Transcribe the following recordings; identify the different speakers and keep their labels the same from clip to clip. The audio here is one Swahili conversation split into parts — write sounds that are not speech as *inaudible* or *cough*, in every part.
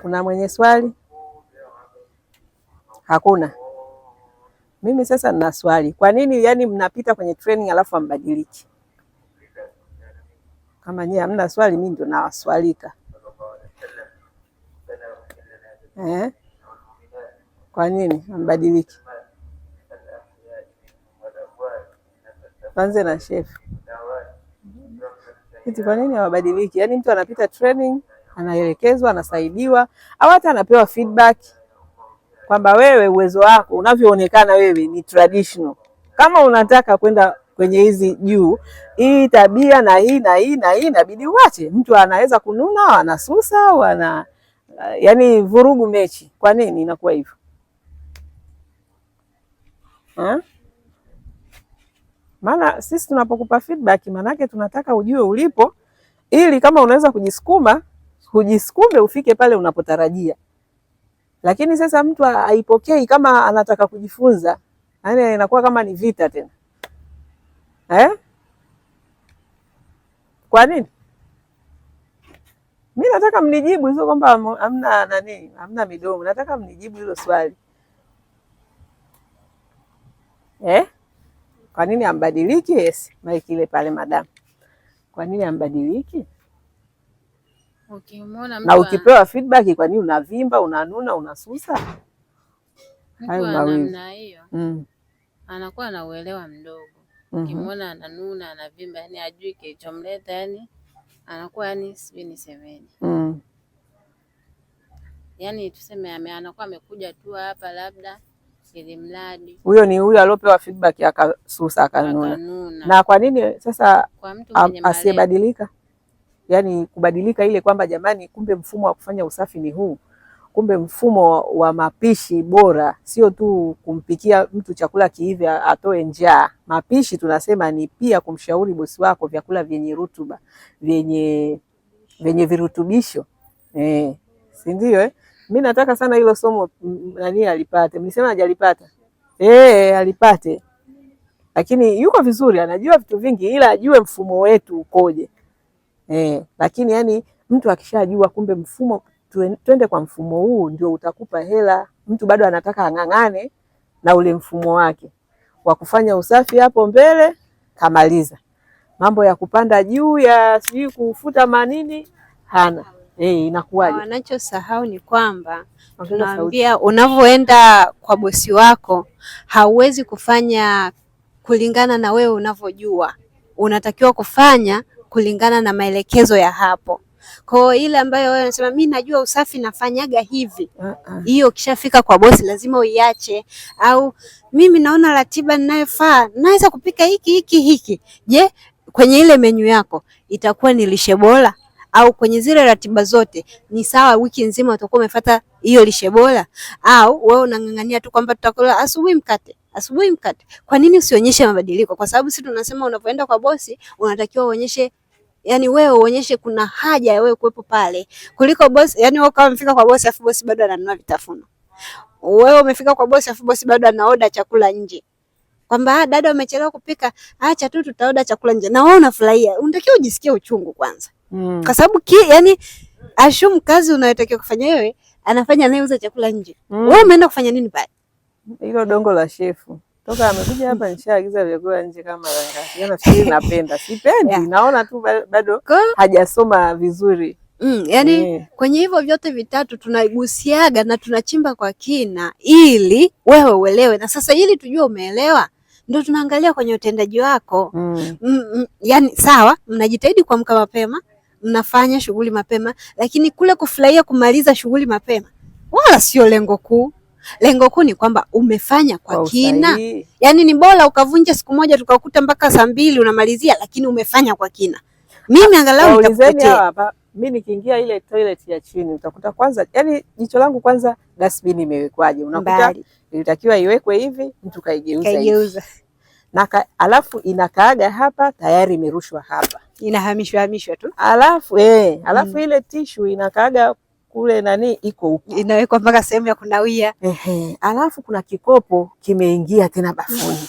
Speaker 1: Kuna mwenye swali? Hakuna. Mimi sasa nina swali. Kwa nini yani mnapita kwenye training alafu ambadiliki? Kama nyie hamna swali, mimi ndio nawaswalika eh? Kwa nini ambadiliki? Tuanze na shefu iti, kwa nini hawabadiliki? Yaani mtu anapita training anaelekezwa, anasaidiwa au hata anapewa feedback kwamba wewe uwezo wako unavyoonekana wewe ni traditional. Kama unataka kwenda kwenye hizi juu, hii tabia na hii na hii na hii inabidi uache. Mtu anaweza kununa, anasusa au ana yani vurugu mechi. Kwa nini inakuwa hivyo? Maana sisi tunapokupa feedback, maanake tunataka ujue ulipo, ili kama unaweza kujisukuma Ujisukume ufike pale unapotarajia. Lakini sasa mtu haipokei kama anataka kujifunza, yani inakuwa kama ni vita tena eh? Kwa nini? Mi nataka mnijibu, sio kwamba hamna nani, hamna midomo. Nataka mnijibu hilo swali eh? Kwa nini ambadiliki? Yes, maiki ile pale madam, kwa nini ambadiliki?
Speaker 2: Ukimwona mtu na
Speaker 1: ukipewa feedback, kwa nini unavimba, unanuna, unasusa?
Speaker 2: Hayo mawili mm. anakuwa na uelewa mdogo. Mhm. Ukimwona mm -hmm. ananuna, anavimba, yani ajui kilichomleta, yani anakuwa yani sijui nisemeje mm. yani tuseme ame, anakuwa amekuja tu hapa labda
Speaker 1: huyo ni huyo aliopewa feedback akasusa akanuna. Na kwa nini sasa asiyebadilika yani kubadilika ile kwamba jamani, kumbe mfumo wa kufanya usafi ni huu, kumbe mfumo wa mapishi bora sio tu kumpikia mtu chakula kiive atoe njaa. Mapishi tunasema ni pia kumshauri bosi wako vyakula vyenye rutuba, vyenye vyenye virutubisho eh, si ndio eh? Mimi nataka sana hilo somo nani alipate, mlisema hajalipata eh, alipate, lakini yuko vizuri, anajua vitu vingi, ila ajue mfumo wetu ukoje eh, lakini yani mtu akishajua kumbe mfumo twende kwa mfumo huu ndio utakupa hela, mtu bado anataka ang'ang'ane na ule mfumo wake wa kufanya usafi hapo mbele, kamaliza mambo ya kupanda juu ya sijui kufuta manini, hana eh, inakuwaje?
Speaker 2: Wanachosahau ah, ni kwamba tunaambia, unavyoenda kwa bosi wako hauwezi kufanya kulingana na wewe unavyojua, unatakiwa kufanya kulingana na maelekezo ya hapo. Kwa hiyo ile ambayo wewe unasema mimi najua usafi nafanyaga hivi, uh-uh. hiyo uh -uh. Ukishafika kwa bosi lazima uiache, au mimi naona ratiba ninayofaa naweza kupika hiki hiki hiki. Je, kwenye ile menyu yako itakuwa ni lishe bora au kwenye zile ratiba zote ni sawa, wiki nzima utakuwa umefuata hiyo lishe bora, au wewe unang'ang'ania tu kwamba tutakula asubuhi mkate asubuhi mkate. Kwa nini usionyeshe mabadiliko? Kwa sababu sisi tunasema unapoenda kwa bosi unatakiwa uonyeshe yani wewe uonyeshe kuna haja ya wewe kuwepo pale kuliko bosi. Yani wewe kama umefika kwa bosi afu bosi bado ananunua vitafuno, wewe umefika kwa bosi afu bosi bado anaoda chakula nje, kwamba ah, dada umechelewa kupika, acha tu tutaoda chakula nje, na wewe unafurahia. Unatakiwa ujisikie uchungu kwanza mm. kwa sababu yani ashum kazi unayotakiwa kufanya wewe anafanya anayeuza chakula nje mm. wewe umeenda kufanya nini pale?
Speaker 1: Hilo dongo la shefu Toka amekuja hapa nishaagiza vyakula nje kama rangasia. Nafikiri napenda, sipendi yeah. Naona tu bado hajasoma vizuri
Speaker 2: mm, yani yeah. Kwenye hivyo vyote vitatu tunaigusiaga na tunachimba kwa kina ili wewe uelewe, na sasa ili tujue umeelewa ndo tunaangalia kwenye utendaji wako mm. Mm, mm, yani sawa, mnajitahidi kuamka mapema, mnafanya shughuli mapema, lakini kule kufurahia kumaliza shughuli mapema wala sio lengo kuu lengo kuu ni kwamba umefanya kwa, kwa kina usai. Yani ni bora ukavunja siku moja tukakuta mpaka saa mbili unamalizia, lakini umefanya kwa kina. Mimi angalau
Speaker 1: nitakutetea. mi nikiingia ile toilet ya chini utakuta kwanza, yani jicho langu kwanza, dustbin imewekwaje? Unakuta ilitakiwa iwekwe hivi, mtu kaigeuza na ka, alafu inakaaga hapa tayari imerushwa hapa,
Speaker 2: inahamishwa hamishwa tu
Speaker 1: alafu, eh, alafu mm. ile tishu inakaaga kule nani iko huko
Speaker 2: inawekwa mpaka sehemu ya kunawia.
Speaker 1: Ehe, alafu kuna kikopo kimeingia tena bafuni *laughs*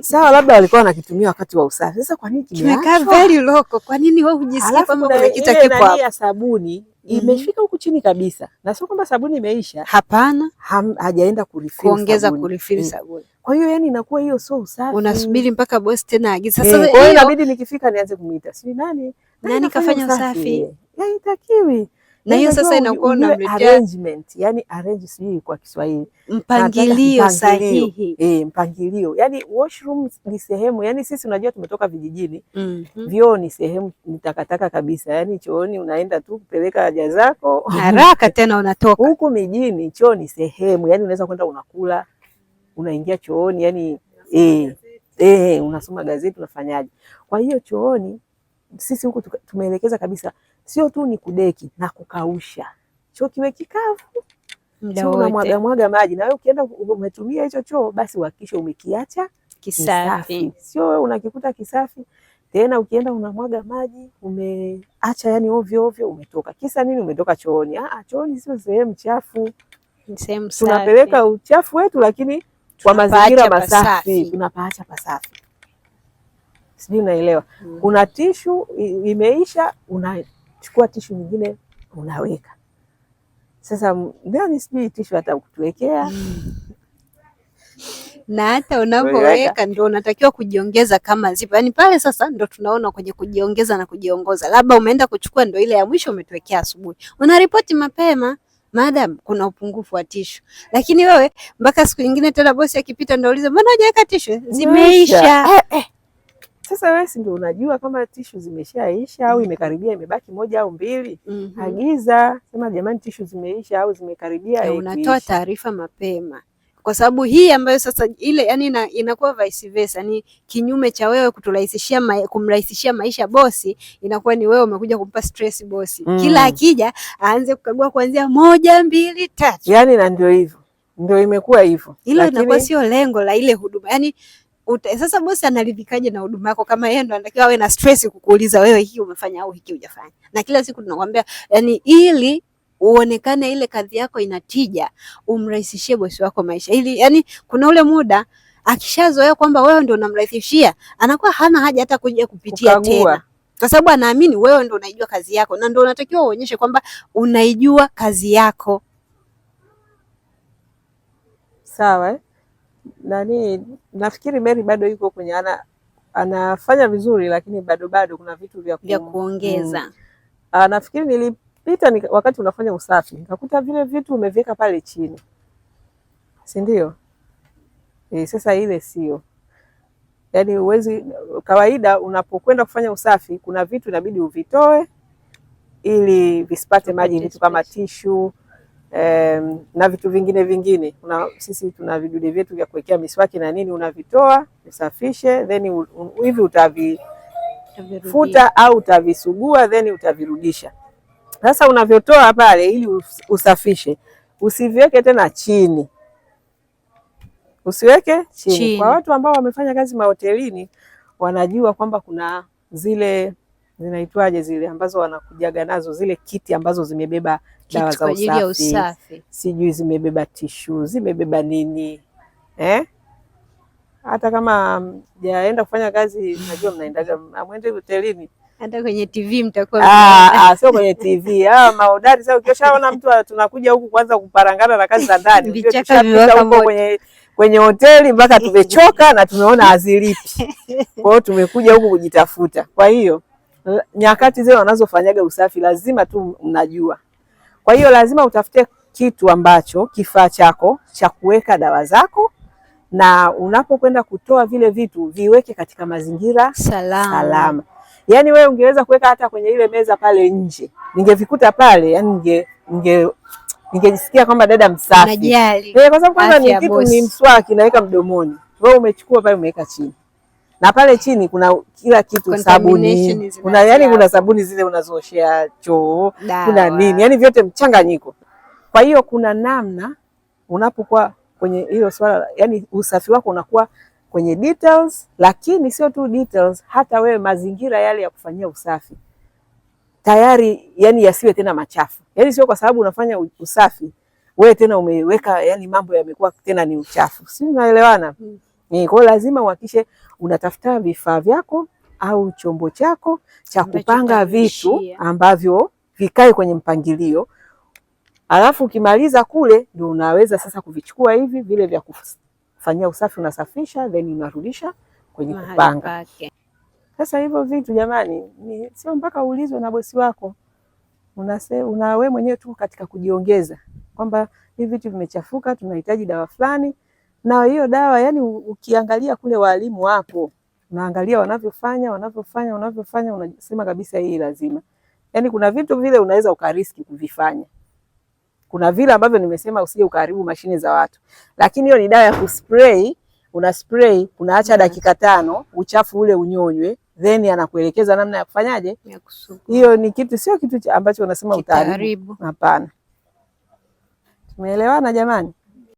Speaker 1: sawa, labda walikuwa wanakitumia wakati wa usafi. Sasa kwa nini
Speaker 2: kimekaa very loko? Kwa nini wewe hujisikia
Speaker 1: kama kuna kitu kipo hapo? ya sabuni mhm. imefika huku chini kabisa, na sio kwamba sabuni imeisha,
Speaker 2: hapana,
Speaker 1: hajaenda kurifili
Speaker 2: kuongeza kurifili eh. sabuni.
Speaker 1: Kwa hiyo yani inakuwa hiyo sio usafi,
Speaker 2: unasubiri mpaka boss tena aagize.
Speaker 1: Eh, Sasa kwa hiyo inabidi nikifika nianze kumuita, si nani
Speaker 2: nani kafanya usafi,
Speaker 1: haitakiwi yeah
Speaker 2: na hiyo yaani sasa inakuwa
Speaker 1: unamletea arrangement, yani arrange, sijui kwa Kiswahili
Speaker 2: mpangilio sahihi
Speaker 1: eh, mpangilio yani washroom ni sehemu yani, sisi unajua tumetoka vijijini mm -hmm. Vyoo ni sehemu ni takataka kabisa, yani chooni unaenda tu kupeleka haja zako
Speaker 2: haraka *laughs* tena unatoka.
Speaker 1: Huku mijini choo ni sehemu yani, unaweza kwenda unakula, unaingia chooni yani eh, eh, unasoma gazeti unafanyaje? Kwa hiyo chooni sisi huku tumeelekeza kabisa sio tu ni kudeki na kukausha, choo kiwe kikavu, sio unamwaga mwaga maji. Na wewe ukienda umetumia hicho choo, basi uhakikishe umekiacha
Speaker 2: kisafi,
Speaker 1: sio wewe unakikuta kisafi tena ukienda unamwaga maji umeacha, yani ovyo ovyo, umetoka kisa nini? Umetoka chooni. Ah, ah chooni sio sehemu chafu,
Speaker 2: tunapeleka
Speaker 1: uchafu wetu, lakini kwa mazingira masafi tunapaacha pasafi. Sijui unaelewa? mm. kuna tishu imeisha una chukua tishu nyingine unaweka. Sasa ni sijui tishu hata kutuwekea
Speaker 2: *laughs* na hata unapoweka ndio unatakiwa kujiongeza kama zipo, yaani pale sasa ndo tunaona kwenye kujiongeza na kujiongoza. Labda umeenda kuchukua ndo ile ya mwisho umetuwekea asubuhi, unaripoti mapema madam, kuna upungufu wa tishu. Lakini wewe mpaka siku nyingine tena bosi akipita ndio ulize, mbona hujaweka tishu, zimeisha.
Speaker 1: Eh, eh. Sasa wewe si ndio unajua kama tishu zimeshaisha au mm-hmm. imekaribia imebaki moja au mbili, mm -hmm. Agiza sema, jamani, tishu zimeisha au zimekaribia. E, unatoa
Speaker 2: taarifa mapema kwa sababu hii ambayo sasa ile yani inakuwa vice versa, ni kinyume cha wewe kuturahisishia ma, kumrahisishia maisha bosi, inakuwa ni wewe umekuja kumpa stress bosi mm. Kila akija aanze kukagua kuanzia moja mbili tatu,
Speaker 1: yani na ndio hivyo ndio imekuwa hivyo,
Speaker 2: hilo inakuwa sio lengo la ile huduma yani uta, sasa bosi anaridhikaje na huduma yako kama yeye ndo anatakiwa awe na stress kukuuliza wewe hii umefanya au hiki hujafanya? Na kila siku tunakwambia yani, ili uonekane ile kazi yako ina tija, umrahisishie bosi wako maisha. Ili yani, kuna ule muda akishazoea kwamba wewe ndo unamrahisishia, anakuwa hana haja hata kuja kupitia Kukagua tena kwa sababu anaamini wewe ndo unaijua kazi yako, na ndo unatakiwa uonyeshe kwamba unaijua kazi yako.
Speaker 1: Sawa. Eh? nani, nafikiri Mary bado yuko kwenye ana, anafanya vizuri, lakini bado bado kuna vitu vya, vya
Speaker 2: kuongeza mm.
Speaker 1: Aa, ah, nafikiri nilipita ni, wakati unafanya usafi nikakuta vile vitu umeviweka pale chini, si ndio? E, sasa ile sio yaani uwezi kawaida, unapokwenda kufanya usafi kuna vitu inabidi uvitoe ili visipate maji, vitu kama tishu eh, na vitu vingine vingine. Kuna sisi tuna vidude vyetu vya kuwekea miswaki na nini, unavitoa usafishe, then hivi utavifuta au utavisugua then utavirudisha. Sasa unavyotoa pale, ili usafishe, usiviweke tena chini usiweke chini. Chini. Kwa watu ambao wamefanya kazi mahotelini wanajua kwamba kuna zile zinaitwaje zile ambazo wanakujaga nazo zile kiti ambazo zimebeba dawa za usafi, usafi, sijui zimebeba tishu zimebeba nini eh? Hata kama mjaenda kufanya kazi, najua mnaendaga, amwende hotelini
Speaker 2: hata kwenye TV mtakuwa
Speaker 1: ah, ah, sio kwenye TV ah, maodari sasa. Ukishaona mtu tunakuja huku kwanza kuparangana na kazi za ndani, ukishapita huko kwenye kwenye hoteli mpaka tumechoka na tumeona hazilipi, *laughs* kwa hiyo tumekuja huku kujitafuta. Kwa hiyo nyakati zile wanazofanyaga usafi, lazima tu mnajua. Kwa hiyo lazima utafute kitu ambacho kifaa chako cha kuweka dawa zako, na unapokwenda kutoa vile vitu viweke katika mazingira
Speaker 2: salama,
Speaker 1: salama. Yaani wewe ungeweza kuweka hata kwenye ile meza pale nje, ningevikuta pale yani nge, nge, ningejisikia kwamba dada msafi, eh, kwa sababu kwanza ni kitu ni mswaki naweka mdomoni, wewe umechukua pale umeweka chini na pale chini kuna kila kitu, sabuni kuna yani, kuna sabuni zile unazooshea choo, kuna nini, yani vyote mchanganyiko. Kwa hiyo kuna namna unapokuwa kwenye hilo swala, yani usafi wako unakuwa kwenye details, lakini sio tu details, hata wewe mazingira yale ya kufanyia usafi tayari yani yasiwe tena machafu. Yani sio kwa sababu unafanya usafi wewe tena umeweka yani mambo yamekuwa tena ni uchafu, si naelewana? hmm. Eh, kwa lazima uhakishe unatafuta vifaa vyako au chombo chako cha kupanga vitu ambavyo vikae kwenye mpangilio. Alafu ukimaliza kule ndio unaweza sasa kuvichukua hivi vile vya kufanyia usafi, unasafisha then unarudisha kwenye mahali kupanga pake. Sasa hivyo vitu jamani, ni sio mpaka uulizwe na bosi wako, una wewe mwenyewe tu katika kujiongeza kwamba hivi vitu vimechafuka, tunahitaji dawa fulani na hiyo dawa yani, ukiangalia kule walimu wapo, unaangalia wanavyofanya wanavyofanya wanavyofanya, unasema kabisa hii lazima. Yani kuna vitu vile unaweza ukariski kuvifanya, kuna vile ambavyo nimesema usije ukaribu mashine za watu, lakini hiyo ni dawa ya kuspray. Una spray unaacha mm. dakika tano, uchafu ule unyonywe, then anakuelekeza namna ya kufanyaje. Hiyo ni kitu, sio kitu ambacho unasema utaharibu. Hapana, tumeelewana jamani?